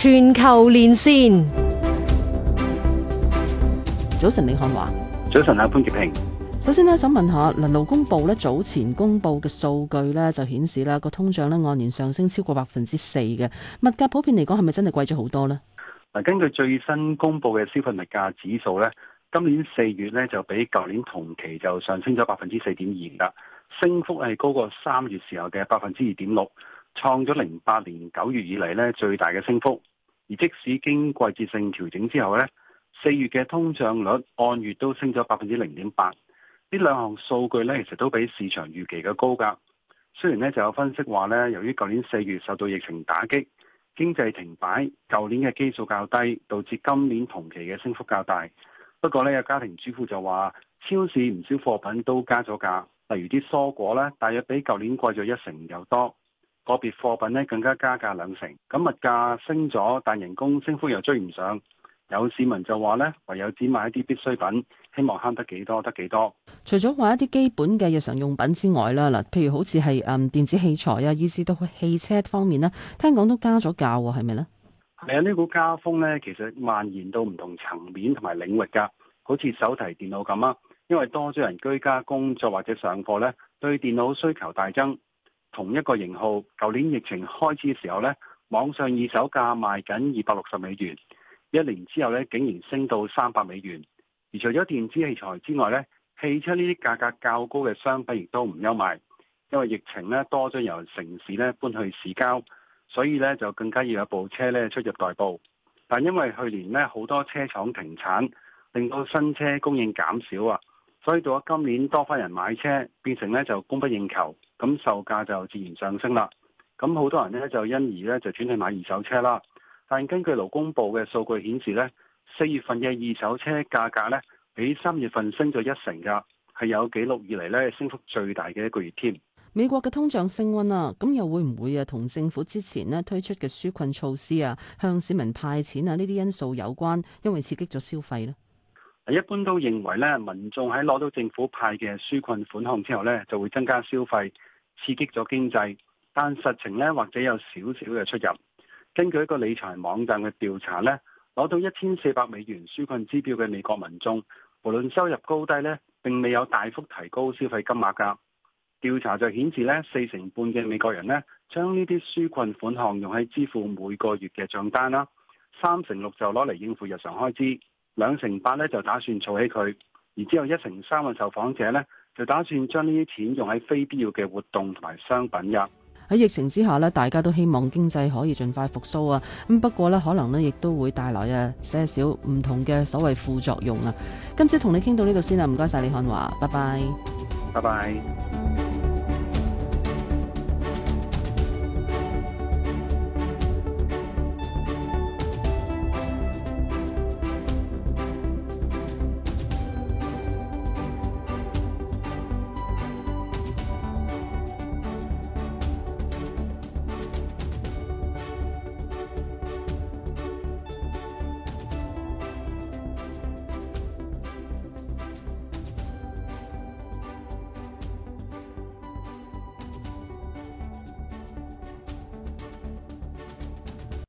全球連線，早晨李漢華，早晨啊潘潔平。首先呢，想問下嗱，勞工部呢。早前公布嘅數據呢，就顯示啦，個通脹呢按年上升超過百分之四嘅物價，普遍嚟講係咪真係貴咗好多呢？嗱，根據最新公布嘅消費物價指數呢，今年四月呢就比舊年同期就上升咗百分之四點二啦，升幅係高過三月時候嘅百分之二點六，創咗零八年九月以嚟呢最大嘅升幅。而即使經季節性調整之後呢四月嘅通脹率按月都升咗百分之零點八，呢兩項數據呢，其實都比市場預期嘅高噶。雖然呢就有分析話呢由於舊年四月受到疫情打擊，經濟停擺，舊年嘅基數較低，導致今年同期嘅升幅較大。不過呢，有家庭主婦就話，超市唔少貨品都加咗價，例如啲蔬果呢，大約比舊年貴咗一成有多。個別貨品咧更加加價兩成，咁物價升咗，但人工升幅又追唔上，有市民就話咧，唯有只買一啲必需品，希望慳得幾多得幾多。除咗話一啲基本嘅日常用品之外啦，嗱，譬如好似係誒電子器材啊，以至到汽車方面咧，聽講都加咗價喎，係咪咧？係啊，呢股加風咧，其實蔓延到唔同層面同埋領域㗎，好似手提電腦咁啊，因為多咗人居家工作或者上課咧，對電腦需求大增。同一個型號，舊年疫情開始嘅時候呢，網上二手價賣緊二百六十美元，一年之後呢，竟然升到三百美元。而除咗電子器材之外呢，汽車呢啲價格較高嘅商品亦都唔憂賣，因為疫情呢，多咗由城市呢搬去市郊，所以呢就更加要有部車呢出入代步。但因為去年呢好多車廠停產，令到新車供應減少啊。所以到咗今年多返人買車，變成咧就供不應求，咁售價就自然上升啦。咁好多人呢就因而咧就轉去買二手車啦。但根據勞工部嘅數據顯示呢，四月份嘅二手車價格呢比三月份升咗一成㗎，係有紀錄以嚟，呢升幅最大嘅一個月添。美國嘅通脹升温啊，咁又會唔會啊同政府之前呢推出嘅紓困措施啊，向市民派錢啊呢啲因素有關，因為刺激咗消費呢。一般都認為咧，民眾喺攞到政府派嘅紓困款項之後咧，就會增加消費，刺激咗經濟。但實情咧，或者有少少嘅出入。根據一個理財網站嘅調查咧，攞到一千四百美元紓困支票嘅美國民眾，無論收入高低咧，並未有大幅提高消費金額噶。調查就顯示咧，四成半嘅美國人呢，將呢啲紓困款項用喺支付每個月嘅帳單啦，三成六就攞嚟應付日常開支。兩成八咧就打算儲起佢，而之後一成三嘅受訪者咧就打算將呢啲錢用喺非必要嘅活動同埋商品入。喺疫情之下咧，大家都希望經濟可以盡快復甦啊！咁不過咧，可能咧亦都會帶來啊些少唔同嘅所謂副作用啊。今朝同你傾到呢度先啦，唔該晒。李漢華，拜拜，拜拜。